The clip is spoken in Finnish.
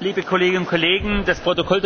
liebe kolleginnen und kollegen das protokoll.